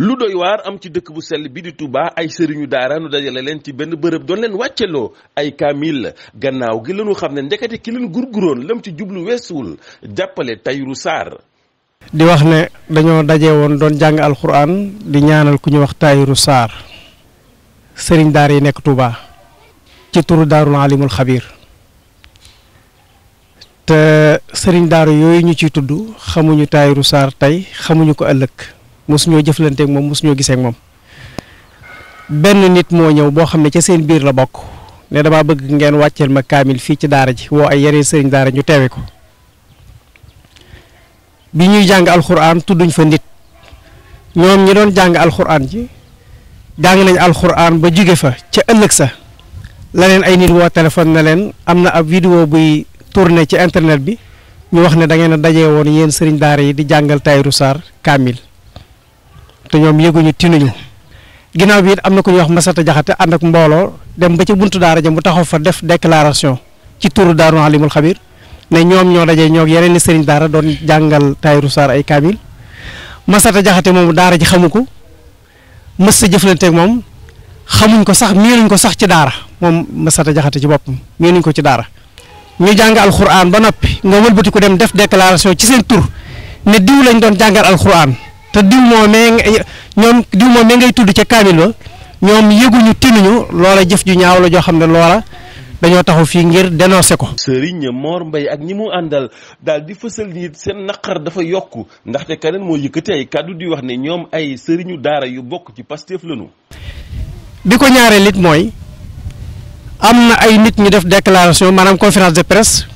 lu doy waar am ci dëkk bu sell bi di Touba ay sëriñu daara nu dajale leen ci benn bërëb doon leen wàcceloo ay kaamil gannaaw gi lañu xam ne ndekete ki leen gurguroon lam ci jublu weesuwul jàppale Tayru Sarr di wax ne dañoo daje woon doon jàng alxuraan di ñaanal ku ñuy wax Tayru Sarr sëriñ daara yi nekk Touba ci turu daarul alimul xabiir te sëriñ daar yooyu ñu ci tudd xamuñu Tayru Sarr tey xamuñu ko ëllëg mosuñoo jëflanteeg moom mosuñoo gisee moom benn nit moo ñëw boo xam ne ca seen biir la bokk ne damaa bëgg ngeen wàcceel ma kaamil fii ci daara ji woo ay yeneen sëriñ daara ñu teewe ko bi ñuy jàng alxuraan tudduñ fa nit ñoom ñi doon jàng alxuraan ji jàng nañ alxuraan ba jóge fa ca ëllëg sa la leen ay nit woo téléphone na leen am na ab vidéo buy tourné ci internet bi ñu wax ne dangeen daje a dajee woon yéen sëriñ daara yi di jàngal Tahirou kaamil te ñoom yëguñu tinuñu ginnaaw bi it am na ku ñuy wax Masata Jaxate ànd ak mbooloo dem ba ci buntu daara ja mu taxaw fa def déclaration ci turu Daaru Alimul Xabir ne ñoom ñoo dajee ñoo yeneen i sëriñ daara doon jàngal Tahirou Sarr ay kaamil Masata Jaxate moomu daara ji xamu ko mës sa moom xamuñ ko sax miinuñ ko sax ci daara moom Masata Jaxate ci boppam miinuñ ko ci daara ñu jàng alxuraan ba noppi nga wëlbati ko dem def déclaration ci seen tur ne diw lañ doon jàngal alxuraan te diw moomee ñoom diw moomee ngay tudd ca kaamil ba ñoom yëguñu tinuñu loola jëf ju ñaawla joo xam ne loola dañoo taxaw fii ngir dénoncé ko. Serigne Mor mbay ak ñi mu àndal daal di fësal ni seen naqar dafa yokk ndaxte keneen moo yëkkati ay kàddu di wax ne ñoom ay sëriñu daara yu bokk ci Pastef lañu. bi ko ñaaree nit mooy am na ay nit ñu def déclaration maanaam conférence de presse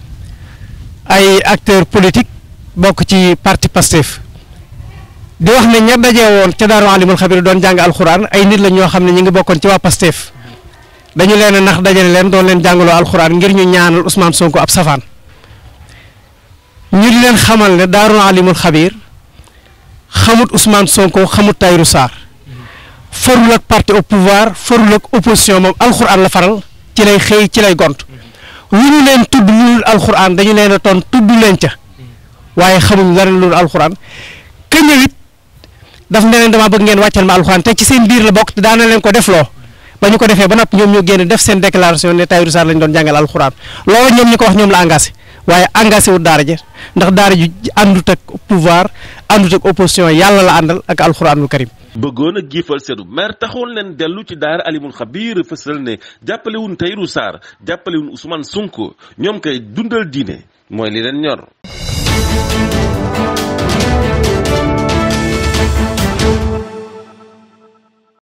ay acteurs politiques bokk ci parti Pastef di wax ne ña dajee woon ca daaru alimul xabir doon jàng alxuraan ay nit la ñoo xam ne ñu ngi bokkoon ci waa Pastef dañu leen a nax dajale leen doon leen jàngaloo alxuraan ngir ñu ñaanal Ousmane Sonko ab safaan ñu di leen xamal ne daaru alimul xabir xamut Ousmane Sonko xamut Tahirou Sarr farul ak parti au pouvoir farul ak opposition moom alxuraan la faral ci lay xëy ci lay gont lu ñu leen tudd lu dul alxuraan dañu leen a toon tudd leen ca waaye xamuñ dara lu dul daf ne leen damaa bëgg ngeen wàccal ma alxuraan te ci seen biir la bokk te daana leen ko defloo ba ñu ko defee ba noppi ñoom ñoo génn def seen déclaration ne Tahirou Sarr lañ doon jàngal alxuraan loolu ñoom ñu ko wax ñoom la engagé waaye engagé wu daara ji ndax daara ji àndut ak pouvoir àndut ak opposition yàlla la àndal ak alxuraanul karim bëggoon a giifal seenu maire taxoon leen dellu ci daara alimul xabiir fësal ne jàppale Tahirou Sarr jàppalewun Ousmane Sonko ñoom kay dundal diine mooy li leen ñor